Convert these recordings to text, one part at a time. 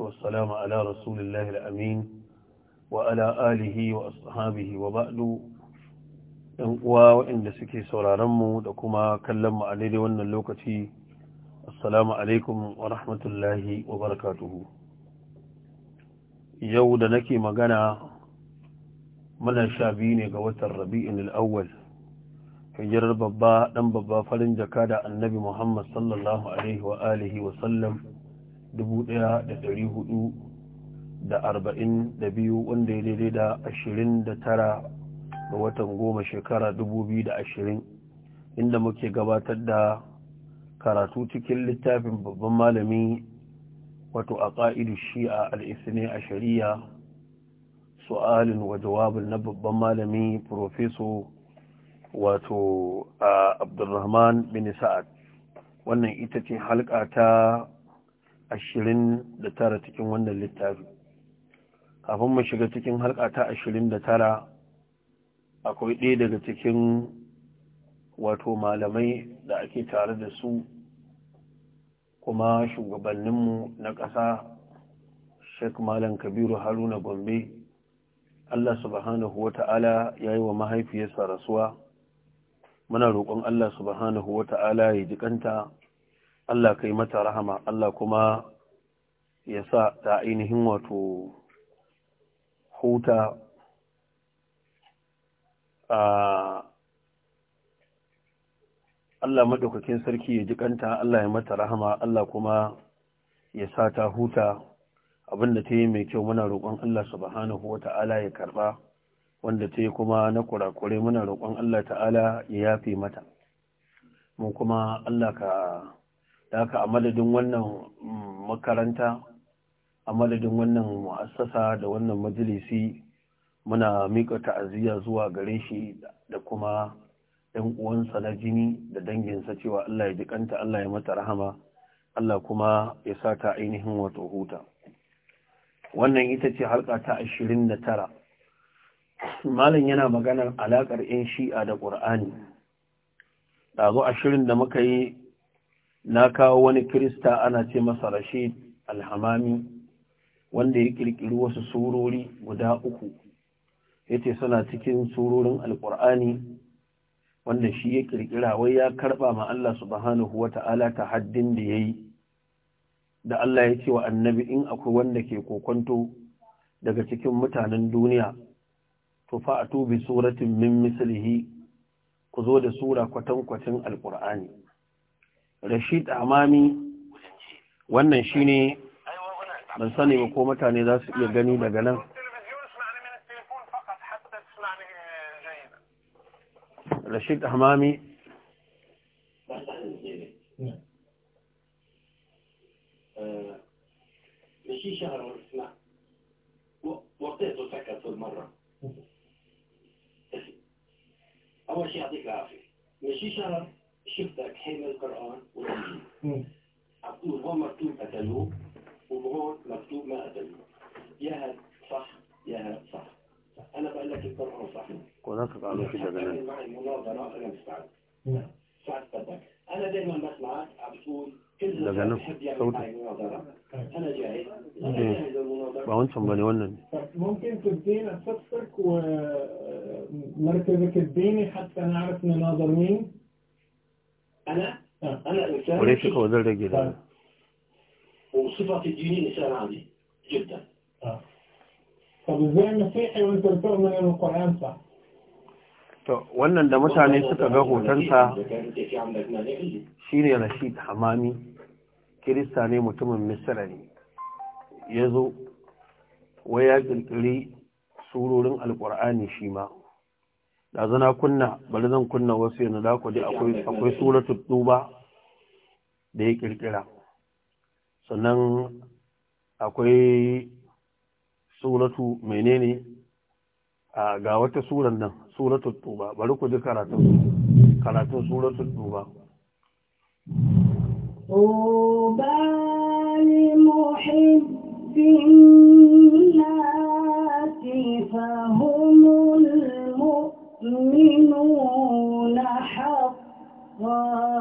والسلام على رسول الله الأمين وعلى آله وأصحابه وبعد uwa waɗanda suke sauraronmu da kuma kallonmu a daidai wannan lokaci assalamu alaikum wa rahmatullahi wa barakatuhu yau da nake magana muna sha biyu ne ga watan rabi'in al'awwal hijirar babba ɗan babba farin jaka da annabi muhammad sallallahu alaihi wa alihi wa sallam biyu wanda ya daidai da ashirin da tara ga watan goma shekara da ashirin inda muke gabatar da karatu cikin littafin babban malami wato a ƙa'idu shi'a al'isne a shari'a su'alin wa jawabin na babban malami profeso wato abdulrahman bin sa'ad wannan ita ce halka ta ashirin da tara cikin wannan littafi kafin mu shiga cikin halka ta ashirin da tara akwai ɗaya daga cikin wato malamai da ake tare da su kuma shugabanninmu na ƙasa sheik malam kabiru haruna gombe allah subhanahu wata'ala ya yi wa mahaifiyarsa rasuwa muna roƙon allah subhanahu wata'ala ya ji kanta. Allah kai mata rahama Allah kuma ya sa ta ainihin wato huta a Allah maɗaukakin sarki ya ji kanta Allah ya mata rahama Allah kuma ya sa ta huta abinda ta yi mai kyau muna roƙon Allah subhanahu wa ta'ala ya karɓa wanda ta yi kuma na kurakure muna roƙon Allah ta'ala ya yafe mata mu kuma Allah ka da haka a madadin wannan makaranta a madadin wannan mu'assasa da wannan majalisi muna miƙa ta'aziyya zuwa gare shi da kuma ɗan uwansa na jini da danginsa cewa Allah ya jikanta Allah ya mata rahama Allah kuma ya sa ta ainihin wato huta wannan ita ce harka ta ashirin da tara malam yana maganar alaƙar 'yan shi'a da ƙur'ani ɗazu ashirin da muka yi na kawo wani kirista ana ce masa rashid alhamami wanda ya kirkiri wasu surori guda uku yace suna cikin surorin alkur'ani wanda shi ya kirkira wai ya karba ma Allah subhanahu wata'ala ta haddin da yayi da Allah ya ce wa annabi in akwai wanda ke kokonto daga cikin mutanen duniya to fa atubi suratin min mislihi ku zo da sura kwatankwacin alkur'ani rashid amami wannan shine ban sani ba ko mutane za su iya gani daga nan rashid amami ماشي شهر ونص وقتها سكت كل مرة أول شيء يعطيك العافية ماشي شهر شفتك حلم القرآن عبدول هون مكتوب قتلوه وهون مكتوب ما قتلوه يا هاد صح يا هاد صح أنا بقول لك القرآن صح ونصف على كده أنا معي مناظرة أنا مستعد سعد بدك أنا دائما بسمعك عم تقول كل بحب يعمل معي مناظرة hmm. أنا جاهز أنا hmm. جاهز للمناظرة ممكن تدينا صفرك ومركزك الديني حتى نعرف نناظر مين وليس كوزر رجل وصفة الدين إنسان عادي جدا طب القرآن صح؟ to wannan da mutane suka ga hotonsa shine Rashid Hamami Kirista ne mutumin Misra ne ya zo wai ya ƙirƙiri surorin Alƙur'ani shi ma da zana kunna bari zan kunna wasu yana da kwade akwai akwai suratul da ya kirkira sannan akwai suratu menene a ga wata suran nan suratul duba bari ku ji karatun karatun suratul duba fi لمحب الناس المؤمنون حقا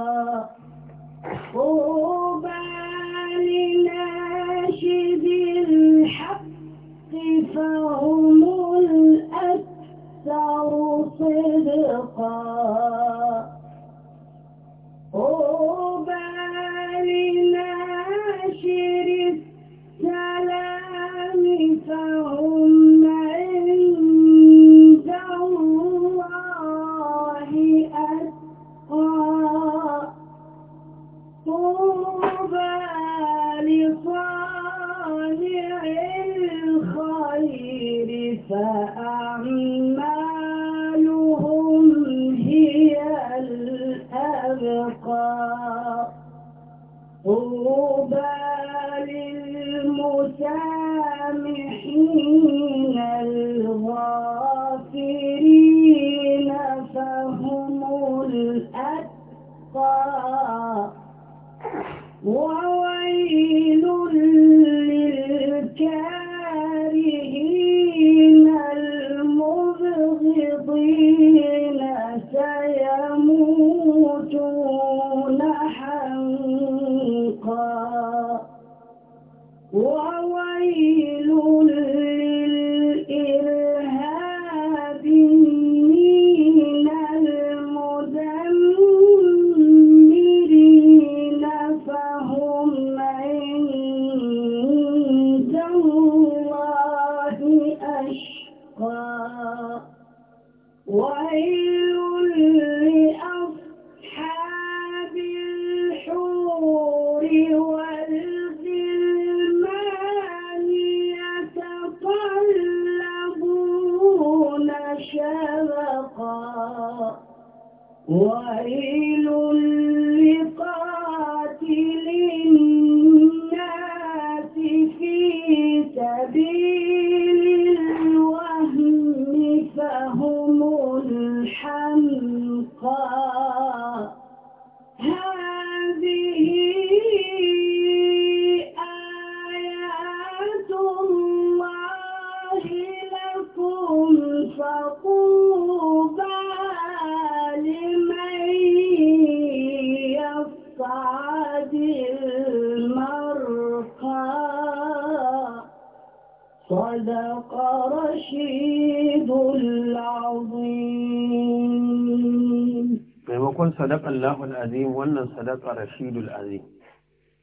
Allahu al wannan sadaka rashidul azim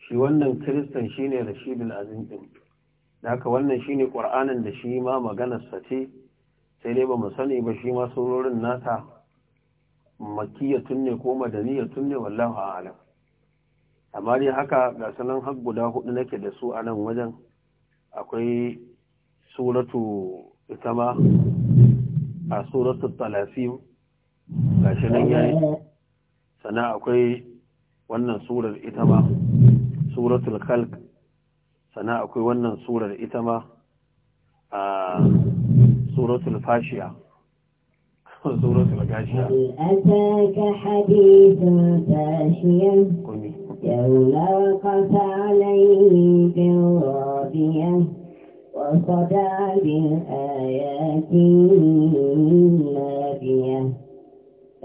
shi wannan kiristan shine rashidul azim din haka wannan shine qur'anin da shi ma maganar sa ce sai dai ba mu sani ba shi ma surorin nasa makiyatun ne ko madaniyatun ne wallahu a'lam amma dai haka ga sanan har guda hudu nake da su a wajen akwai suratu ita ma a suratu talasim shi nan yayi sana akwai wannan surar ita ma suratul khalq sana akwai wannan surar ita ma a suratul fashiya suratul gashiya ataka hadithun fashiya يوم وقف عليه بالرابية وصدى بالآيات النابية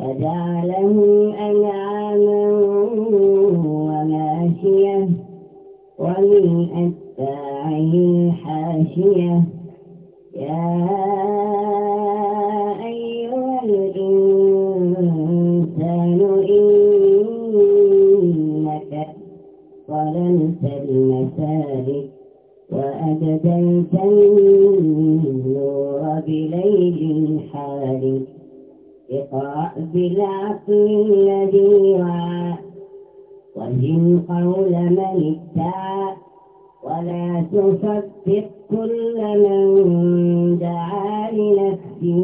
فجعله أنعاما وماشية ومن أتباعه حاشية يا أيها الإنسان إنك ظلمت النور بليل حالك اقرأ بالعقل الذي وعى وزن قول من ادعى ولا تصدق كل من دعا لنفسه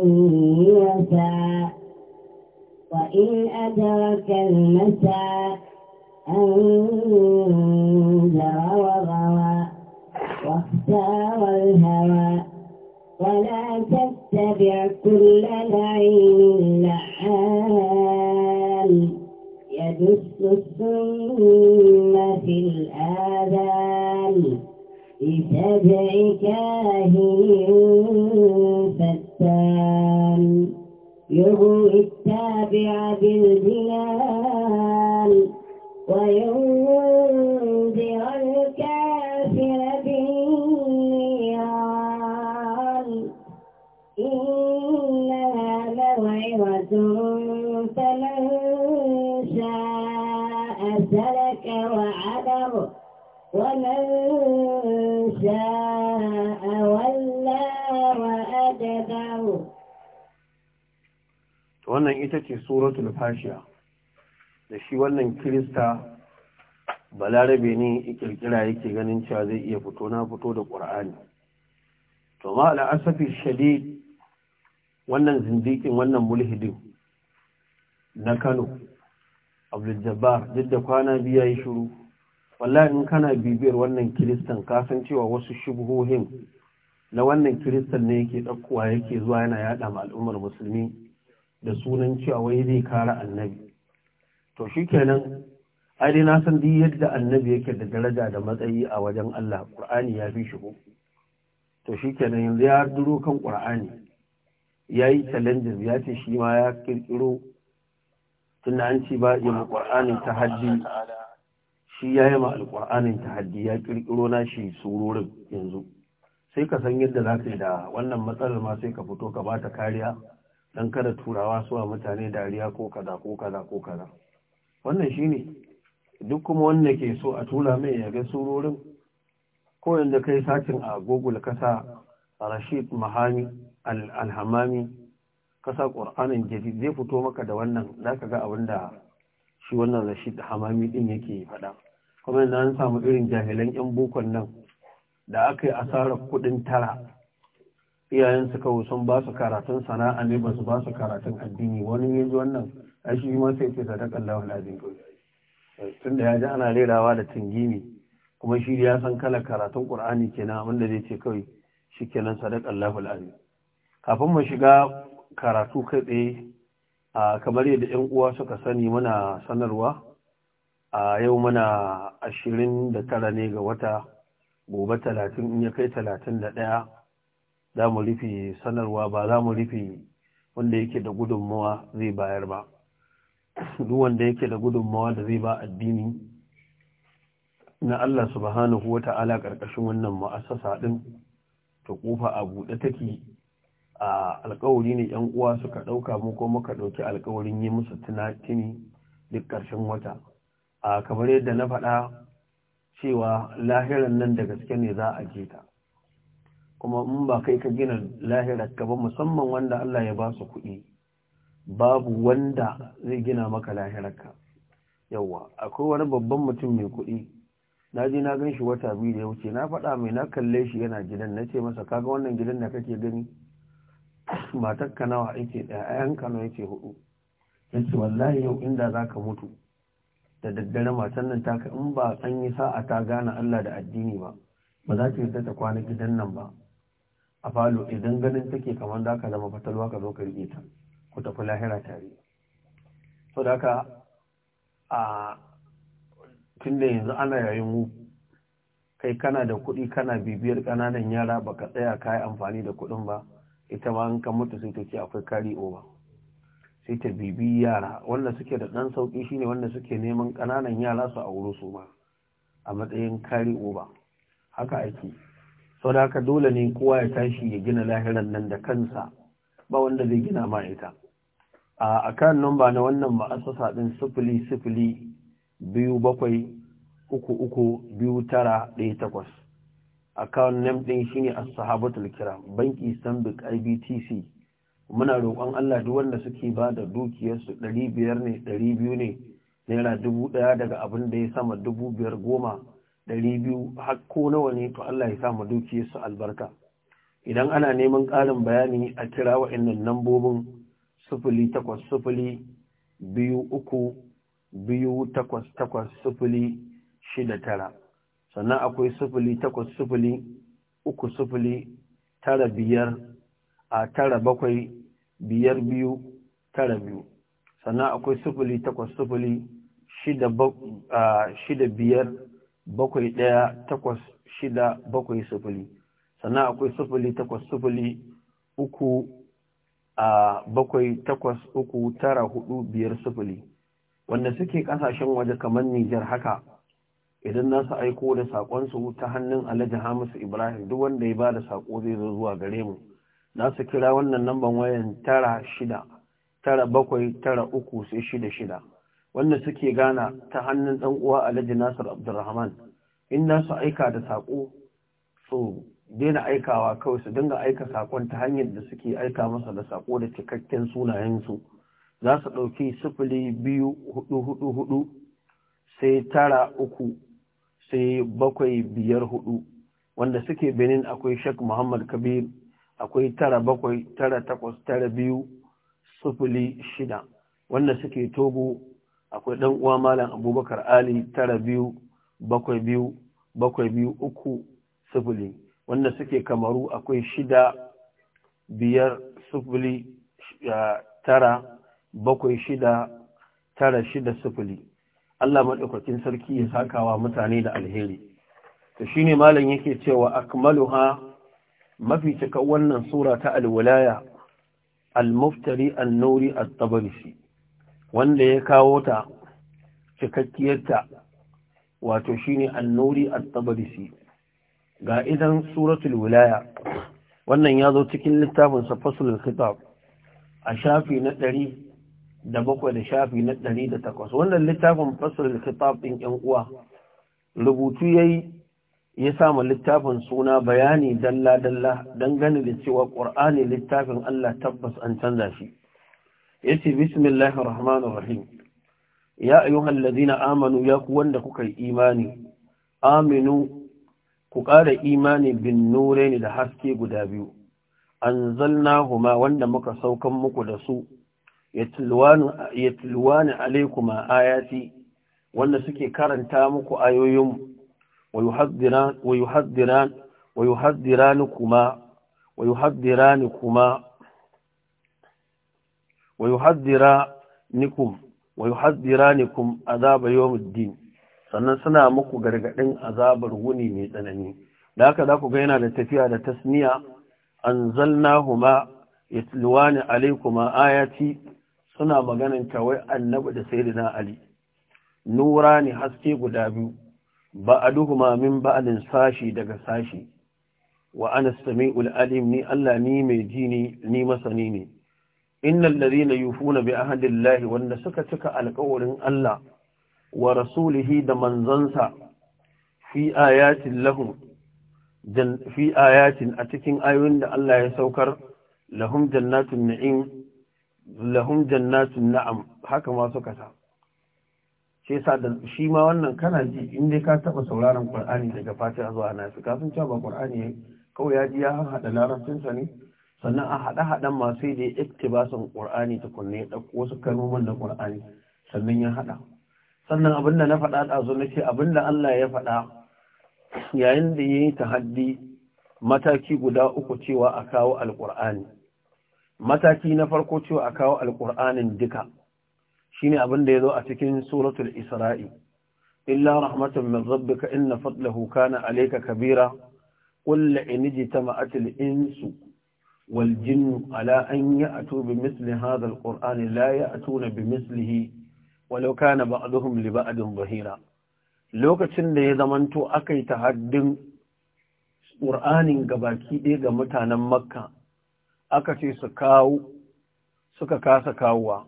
وسعى وإن أدرك المساء أنذر وغوى واختار الهوى ولا تكن يتبع كل العين لحال يدس السم في الآذان لتدعي كاهن فتان يغوي التابع بالجنان ويغوي wannan ita ce suratul fashiya da shi wannan kirista balarabe ne kirkira yake ganin cewa zai iya fito na fito da ƙur'ani to ma al'asafi shade wannan zindikin wannan mulhidin na kano abdul-jabbar duk da kwana biya yi shiru wallahi in kana bibiyar wannan kiristan kasan cewa wasu shubuhohin na wannan kiristan ne yake ɗaukowa yake zuwa yana yaɗa ma al'ummar musulmi da sunan cewa wai zai kara annabi to shi kenan ai dai na san duk yadda annabi yake da daraja da matsayi a wajen Allah Qur'ani ya fi shi to shi kenan yanzu ya duro kan Qur'ani ya yi challenges ya ce shi ma ya kirkiro tunda an ci ba yi Qur'anin tahaddi shi ya yi ma alƙur'anin tahaddi ya kirkiro na shi surorin yanzu sai ka san yadda za ka yi da wannan matsalar ma sai ka fito ka ba ta kariya dan kada turawa suwa mutane dariya ko kaza ko kaza ko kaza wannan shine duk kuma wanda ke so a tura mai ya ga surorin ko yanda kai satin a google kasa rashid mahami alhamami kasa qur'anin jadid zai fito maka da wannan zaka ga abinda shi wannan rashid hamami din yake faɗa kuma yanzu an samu irin jahilan yan bukon nan da aka yi asarar kuɗin tara iyayen suka sun ba su karatun sana'a ne ba su ba su karatun addini wani yanzu wannan a shi ma sai ce Allah lawan azim tun da ya ji ana rerawa da tingini kuma shi ya san kala karatun qur'ani kenan abinda zai ce kawai shi kenan Allah azim kafin mu shiga karatu kai tsaye a kamar yadda yan uwa suka sani muna sanarwa a yau muna ashirin da tara ne ga wata gobe talatin in ya kai talatin da ɗaya za mu rufe sanarwa ba za mu rufe wanda yake da gudunmawa zai bayar ba duk wanda yake da gudunmawa da zai ba addini na Allah subhanahu wa ta'ala karkashin wannan ma'asasa din ta kofa a buɗe take a alƙawari ne ‘yan uwa suka ɗauka mu ko muka ɗauki alkawarin yi musu tunatini duk ƙarshen wata a kamar yadda na faɗa cewa lahiran nan da gaske ne za a je ta kuma in ba kai ka gina lahirar ka ba musamman wanda Allah ya ba su kuɗi babu wanda zai gina maka lahirar ka yawa akwai wani babban mutum mai kuɗi na je na gan shi wata biyu da ya wuce na faɗa mai na kalle shi yana gidan na ce masa kaga wannan gidan da kake gani matar ka nawa ake ɗaya a ka kano yake hudu in ce wallahi yau inda za ka mutu da daddare matan nan taka in ba an yi sa'a ta gane Allah da addini ba ba za ta yi ta kwana gidan nan ba a falo idan ganin take kamar da aka zama fatalwa ka zo ka riƙe ta ku tafi lahira tare so da a tun da yanzu ana yayin mu kai kana da kuɗi kana bibiyar ƙananan yara baka tsaya ka yi amfani da kuɗin ba ita ma an kan mutu sai ta ce akwai kari oba sai ta bibi yara wanda suke da ɗan sauƙi shine wanda suke neman ƙananan yara su auro su ma a matsayin kari oba haka ake sau da haka dole ne kowa ya tashi ya gina lahiran nan da kansa ba wanda zai gina ma ita a akant numba na wannan ma'asasa ɗin sifili sifili biyu bakwai uku uku biyu tara ɗaya takwas kan nam ɗin shine as-sahabatul kiram banki stanbic ibtc muna roƙon Allah duk wanda suke ba da dukiyarsu ɗari biyar ne ɗari biyu ne naira dubu ɗaya daga abin da ya sama dubu biyar goma ɗari biyu har ko nawa ne to Allah ya sa mu dukiyarsu albarka idan ana neman ƙarin bayani a kira wa'annan lambobin sufuli takwas sufuli biyu uku biyu takwas takwas sufuli shida tara sannan akwai sufuli takwas sufuli uku sufuli tara biyar a tara bakwai biyar biyu tara biyu sannan akwai sufuli takwas sufuli shida biyar bakwai ɗaya takwas shida bakwai sufuli sannan akwai sufuli takwas sufuli uku a bakwai takwas uku tara hudu biyar sufuli wanda suke ƙasashen waje kamar Nijar haka idan nasu aiko da saƙonsu ta hannun Alhaji Hamisu Ibrahim duk wanda ya ba da saƙo zai zo zuwa gare mu nasu kira wannan lambar wayan tara shida tara bakwai tara uku sai shida shida wanda suke gana ta hannun ɗan uwa Alhaji Nasir Abdulrahman in na su aika da saƙo so daina aikawa kawai su dinga aika saƙon ta hanyar da suke aika masa da saƙo da cikakken sunayensu za su ɗauki sifili biyu hudu hudu hudu sai tara uku sai bakwai biyar hudu wanda suke benin akwai shek muhammad kabir akwai tara bakwai tara takwas tara biyu sufuli shida wanda suke togo akwai ɗan uwa malam abubakar ali tara biyu bakwai biyu bakwai biyu uku sufuli wanda suke kamaru akwai shida biyar sufuli tara bakwai shida tara shida sifili Allah maɗaukakin sarki ya sakawa mutane da alheri to ne malam yake cewa akmaluha mafi cika wannan sura ta alwilaya al-muftari al nuri al tabarisi wanda ya kawo ta cikakkiyarta wato shine annuri at-tabarisi ga idan suratul wilaya wannan ya zo cikin littafin sa faslul kitab a shafi na ɗari da bakwai da shafi na ɗari da takwas wannan littafin faslul kitab ɗin ƴan uwa rubutu yayi ya sama littafin suna bayani dalla-dalla dangane da cewa ƙur'ani littafin Allah tabbas an canza shi yace bismillahir rahmanir rahim ya ayyuhal amanu ya ku wanda kuka yi imani aminu ku ƙara imani bin nuraini da haske guda biyu anzalnahuma wanda muka saukan muku da su yatlwani alaykuma ayati wanda suke karanta muku ayoyin wa yuhaddiran wa yuhaddiran wa yuhaddiran kuma wa yuhaddiran kuma wa nikum wa yuhaddiranikum azaba yawmiddin sannan suna muku gargadin azabar wuni mai tsanani da haka za ku ga yana da tafiya da tasniya anzalnahuma yatluwani alaikuma ayati suna maganan wai annabi da sayyidina ali nura ne haske guda biyu ba aduhuma min ba'alin sashi daga sashi wa ana sami'ul alim ni Allah ni mai jini ni masani ne innal yufu na bi ahadillahi wanda suka cika alkawarin Allah wa rasulihi da manzansa fi ayatin a cikin ayoyin da Allah ya saukar lahum jannatun na'im lahum na'am haka ma suka sa shi da shi ma wannan kana ji in dai ka taba sauraron Qur'ani daga Fatiha zuwa Nasi ka san cewa ba Qur'ani kawai ya ji ya hada larabcin ne sannan a haɗa-haɗan masu da ya iktibasan ƙur'ani tukunne kunne, ɗauko wasu kalmomin na ƙur'ani sannan ya haɗa sannan abin da na faɗa ɗazu na ce abin da Allah ya faɗa yayin da ya yi haddi, mataki guda uku cewa a kawo alƙur'ani mataki na farko cewa a kawo alƙur'anin duka shine abin da ya zo a cikin suratul isra'i illa rahmatan min rabbika inna fadlahu kana alayka kabira qul la in jitama'atil insu والجن على أن يأتوا بمثل هذا القرآن لا يأتون بمثله ولو كان بعضهم لبعض ظهيرا lokacin da ya zamanto aka yi tahaddin ƙur'anin gabaki ɗaya ga mutanen makka aka ce suka kasa kawowa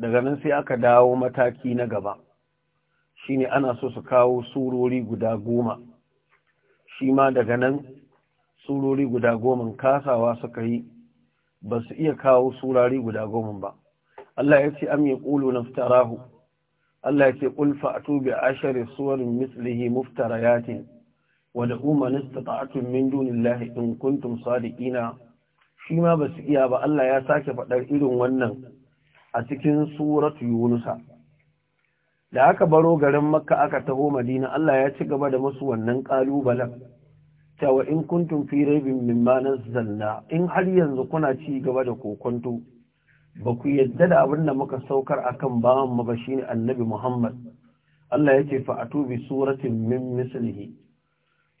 daga nan sai aka dawo mataki na gaba shine ana so su kawo surori guda goma shi ma daga nan surori guda goma kasawa suka yi ba su iya kawo surari guda goma ba Allah ya ce am ƙulu na fitarahu Allah ya ce ƙulfa a tubi a ashari suwarin mislihi Wada wadda ta ta'atun min lahi in kuntum sadiƙina shi ma ba su iya ba Allah ya sake faɗar irin wannan a cikin suratu yunusa da aka baro garin makka aka taho madina Allah ya ci gaba da masu wannan ƙalubalen cewa in kuntum fi raibin mimma nazzalna in har yanzu kuna ci gaba da kokonto ba ku yadda da abin da muka saukar akan bawan mu ba shine annabi Muhammad Allah yake fa bi suratin min mislihi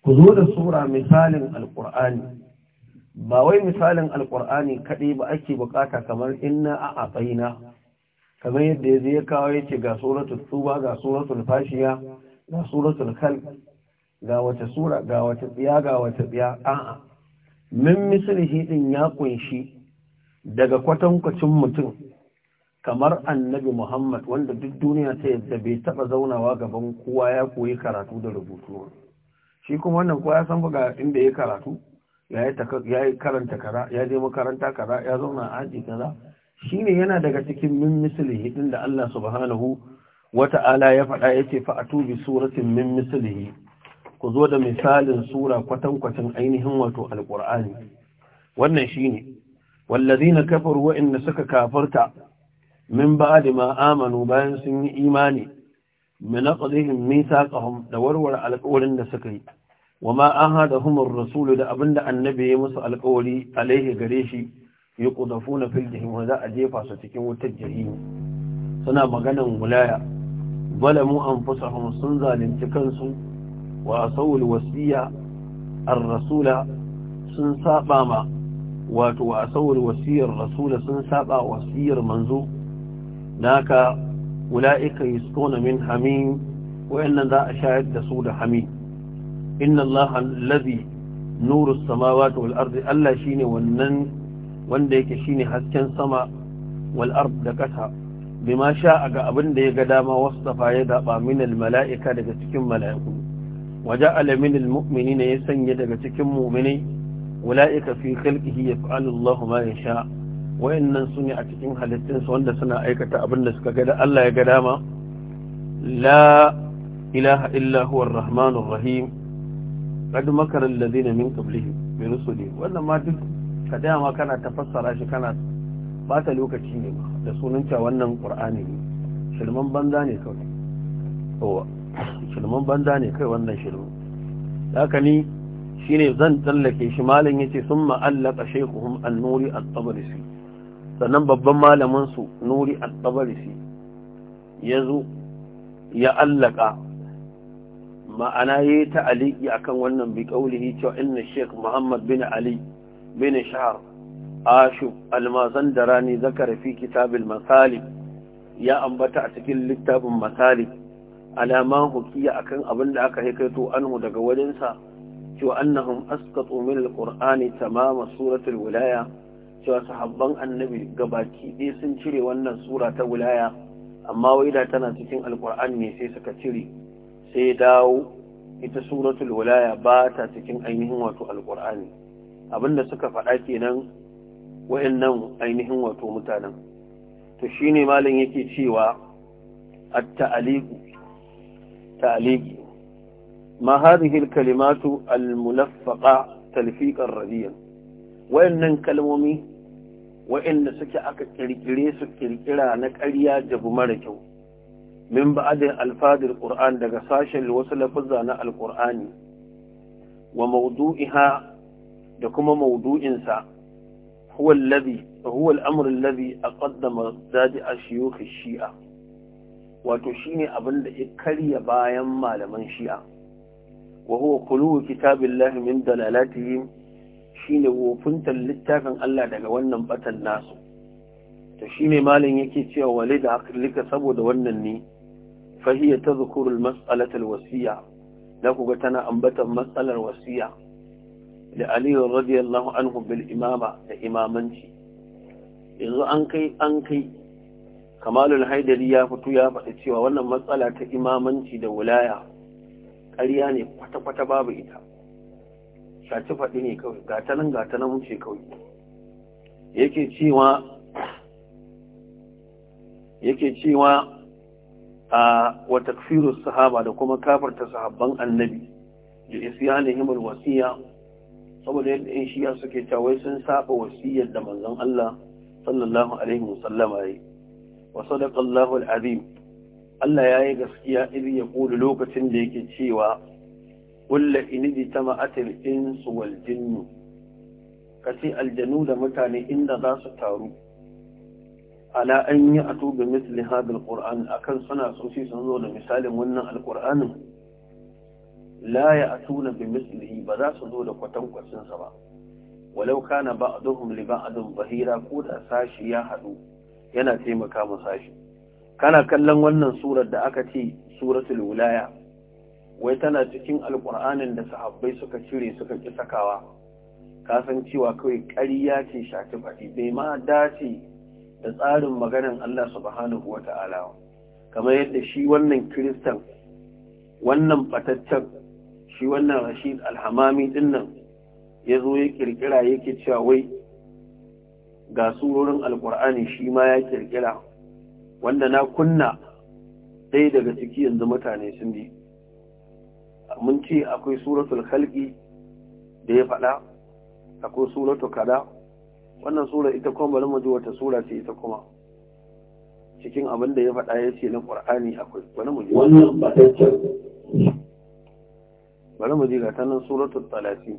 ku zo da sura misalin alqur'ani ba wai misalin alqur'ani kadai ba ake bukata kamar inna a kamar yadda ya kawo yake ga suratul tuba ga suratul fashiya ga suratul khalq ga wata sura ga wata tsiya ga wata tsiya a'a min mislihi din ya kunshi daga kwatankwacin mutum kamar annabi Muhammad wanda duk duniya ta yadda bai taba zaunawa gaban kowa ya koyi karatu da rubutu shi kuma wannan kowa ya san ga inda ya karatu ya yi karanta kaza ya je makaranta kaza ya zauna a aji kaza shine yana daga cikin min mislihi din da Allah subhanahu wata'ala ya faɗa yace fa atubi suratin min mislihi ku zo da misalin sura kwatankwacin ainihin wato alƙur'ani wannan shine na kafar wa'inda suka kafarta min ba'di da amanu bayan sun yi imani min aqdihim mithaqahum da warware alƙawarin da suka yi Wa ma'aha da humar rasulu da abinda annabi ya musu alƙawari alaihi gare shi yuqdafuna na jahim wa za a jefa su cikin wutar jahim suna maganan wulaya balamu anfusahum sun zalunci kansu wa asawul wasiya rasula sun saba ma wato wa asawul wasiyar rasula sun saba wasiyar manzo naka ulaika yusquna min hamim wa'annan za a shayar da su da hami inna allaha allazi nuru sama wal ardi allah shine wannan wanda yake shine hasken sama wal da kasa bima a ga abin da ya ga dama wasu ya zaba min mala'ika daga cikin mala'iku waje alamin mu'mini ne ya sanya daga cikin mu'minai wula'ika fi khalqihi ya Allah ma yasha su sune a cikin halittun wanda suna aikata abin da suka gada Allah ya ga dama la ilaha illa huwa ar rahim qad makara alladhina min qablihim bi rusuli wannan ma duk ka ma kana tafassara shi kana bata lokaci ne da sunanta wannan qur'ani ne shirman banza ne kawai shirman banza ne kai wannan shirman haka ni shine zan tsallake shi malin yace sun ma'allaka shaikuhum an-nuri at-tabarisi sannan babban malamin su nuri at-tabarisi zo ya allaka ma'ana yayi ta'aliki akan wannan bi qaulihi cewa inna shaykh muhammad bin ali bin shahr ashub da rani zakara fi kitabin al ya ambata a cikin littafin masalib alaman hukiya akan abin da aka haikaito anhu daga wajensa cewa annahum asqatu min alqur'ani tamama suratul wilaya cewa sahabban annabi gabaki ɗaya sun cire wannan sura ta wilaya amma wai da tana cikin alqur'ani ne sai suka cire sai dawo ita suratul wilaya ba ta cikin ainihin wato alqur'ani abinda suka faɗa kenan wayannan ainihin wato mutanen to shine malam yake cewa at تعليق ما هذه الكلمات الملفقة تلفيقا رديا وإن كلمومي وإن سكعك كريكريس كريكرا نكريا جب مرجو من بعد الفاظ القرآن دقساش الوصل فزانا القرآن وموضوعها دكما موضوع إنسان هو الذي هو الأمر الذي أقدم دادع شيوخ الشيعة wato shine abin da ya karya bayan malaman shi'a wa huwa kulu kitabillahi min dalalatihim shine wofuntar littafin Allah daga wannan batan nasu to shine malam yake cewa walida aklika saboda wannan ne fahiya tadhkuru almas'alata alwasiya da ku ga tana ambatan matsalar wasiya da Ali radiyallahu anhu bil imama da imamanci yanzu an kai an kai kamalul haidari ya fito ya faɗi cewa wannan matsala ta imamanci da wulaya ƙarya ne kwata-kwata babu ita shaci faɗi ne kawai gatanan gatanan wuce kawai yake cewa yake cewa a wa takfiru sahaba da kuma kafarta sahabban annabi da himar wasiya saboda yadda in shiya suke cewa sun saba wasiyar da manzon Allah sallallahu alaihi wasallama yi wa sadaqa Allahu al-azim Allah yi gaskiya idan ya kula lokacin da yake cewa kullu inji ta insu wal jinnu kace aljanu da mutane inda za su taru ala an yi atu bi misli hadal qur'an akan suna so shi zo da misalin wannan alqur'anin la ya atuna bi mislihi ba za su zo da kwatankwacin sa ba walau kana ba'dhum li ba'dhin bahira ko da sashi ya haɗu. yana taimaka masa sashi kana kallon wannan surar da aka ce suratul wilaya wai tana cikin alkur'anin da sahabbai suka cire suka ki sakawa ka san cewa kawai ƙarya ce shafi faɗi bai ma dace da tsarin maganar Allah subhanahu wa kamar yadda shi wannan kiristan wannan fataccen shi wannan rashid alhamami dinnan ya zo ya ƙirƙira yake cewa wai ga surorin alkur'ani shi ma ya kirkira wanda na kunna ɗaya daga ciki yanzu mutane sun bi. mun ce akwai suratul khalqi da ya faɗa akwai suratul kada wannan sura ita kuma bari mu ji wata sura ce ita kuma cikin abin da ya faɗa ya ce na ƙur'ani akwai bari mu ji wannan bari mu ji ga ta nan suratul talatin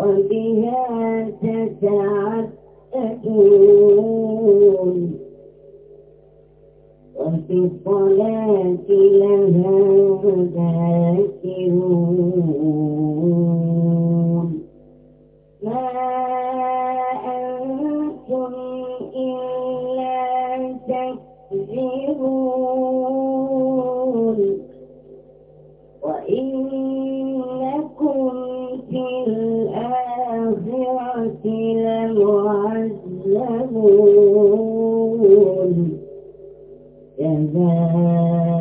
है وبها تتعتقون وفي الصلاة لها ذاكرون لمعذبون كذلك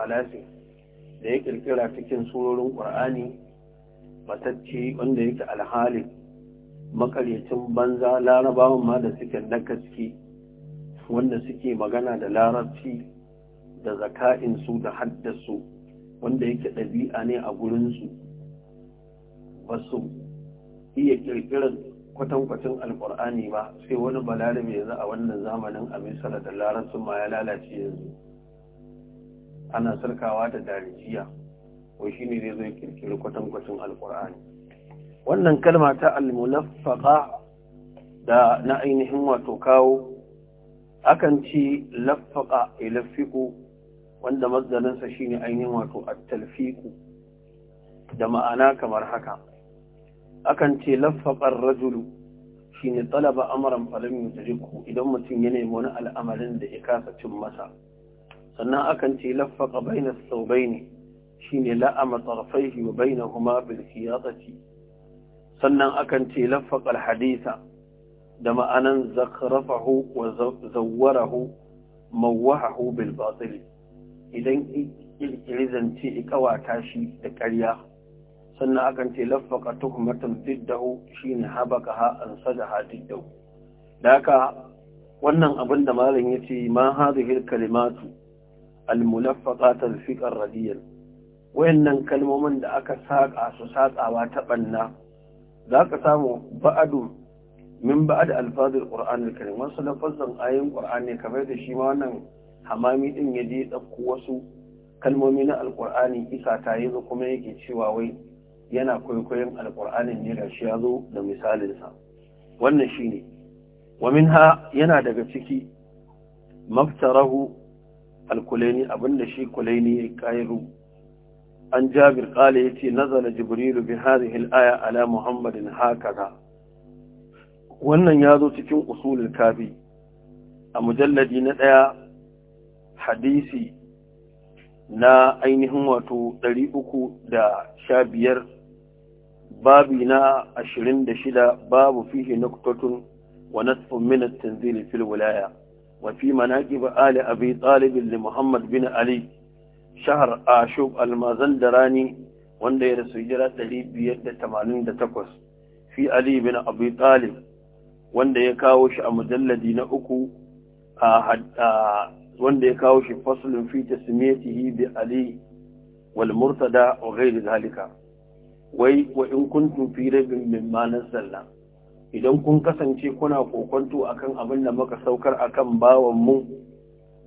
salasi da ya ƙirƙira cikin surorin ƙur'ani matacce wanda yake alhali makaryacin banza larabawan ma da suke nakaski wanda suke magana da larabci da zaka'insu da haddasu wanda yake ɗabi'a ne a gurinsu ba su iya ƙirƙirar kwatankwacin alƙur'ani ba sai wani balarabe yanzu a wannan zamanin abin da larabcin ma ya lalace yanzu ana sarkawa da darijiya shi shine zai zo ya kirkiri kwatankwacin alkur'ani wannan kalma ta almulaffaqa da na ainihin wato kawo akan ci laffaqa ilaffiqu wanda mazdalinsa shine ainihin wato at-talfiqu da ma'ana kamar haka akan ce laffaqar rajulu shine talaba amran falam yujibhu idan mutum ya nemi wani al'amarin da ya kasa cin masa sannan akan ce laffaka bainas saubaini shine la'ama shi wa bainahuma bil siyasati sannan akan ce laffaka alhadisa da ma'anan zakrafahu wa zawwarahu mawwahahu bil batil idan ilkilizanci ikawata shi da ƙarya sannan akan ce laffaka tuhmatan diddahu shine habaka ha an ha diddahu da haka wannan abin da malam yace ma hadhihi kalimatu al-munaffaqat al radiyan wayannan kalmomin da aka saka su sakawa ta banna zaka samu ba'adu min ba'ad alfazil qur'an al-karim wasu ayin qur'an ne kamar da shi ma wannan hamami din ya je dauko wasu kalmomi na alqur'ani isa ta yi kuma yake cewa wai yana kwaikwayon alqur'anin ne shi ya zo da misalinsa wannan shine wa minha yana daga ciki maftarahu al-kulaini abinda shi kulaini ya kairu an jabir kala yace nazala jibrilu bi hadhihi al-aya ala muhammadin hakaza wannan ya zo cikin usulul kafi a mujalladi na ɗaya, hadisi na ainihin wato 315 babi na 26 babu fihi nuktatun wa nasfun min at-tanzil fil wilaya وفي مناكب آل أبي طالب لمحمد بن علي شهر آشوب المازندراني wanda ya rasu hijira 588 fi Ali bin Abi Talib wanda ya kawo shi a mujalladi na uku wanda ya kawo shi faslun fi tasmiyatihi bi Ali wal Murtada wa wai wa in kuntum fi rabbin idan kun kasance kuna kokonto akan abin da muka saukar akan bawan mu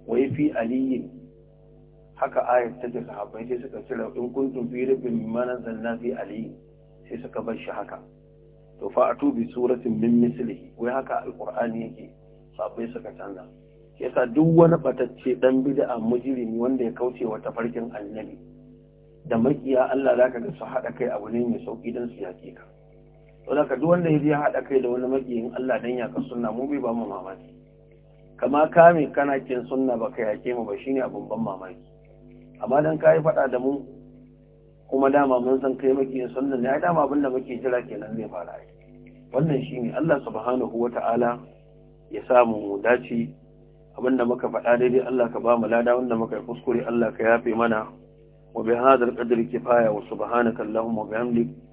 wai fi aliyi haka ayat ta sahabbai sai suka cire in kuntum fi rubin mimman zanna fi aliyi sai suka bar shi haka to fa atu bi suratin min mislihi wai haka alqur'ani yake sahabbai suka canza yasa duk wani batacce dan bid'a mujrimi wanda ya kauce wa tafarkin annabi da makiya Allah zaka ga su haɗa kai abu ne mai sauƙi dan su yake ka don ka duk wanda ya je haɗa kai da wani magiyin Allah dan ya sunna mu bai ba mu mamaki kama kame kana kin sunna baka yake mu ba shine abun ban mamaki amma dan kai faɗa da mu kuma dama mun san kai maki sunna ne ai dama abin da muke jira kenan zai fara yi wannan shine Allah subhanahu wata'ala ya samu mu dace abin da muka faɗa daidai Allah ka ba mu lada wanda muka kuskure Allah ka yafe mana wa bi hadal qadri kifaya wa subhanaka allahumma wa bihamdika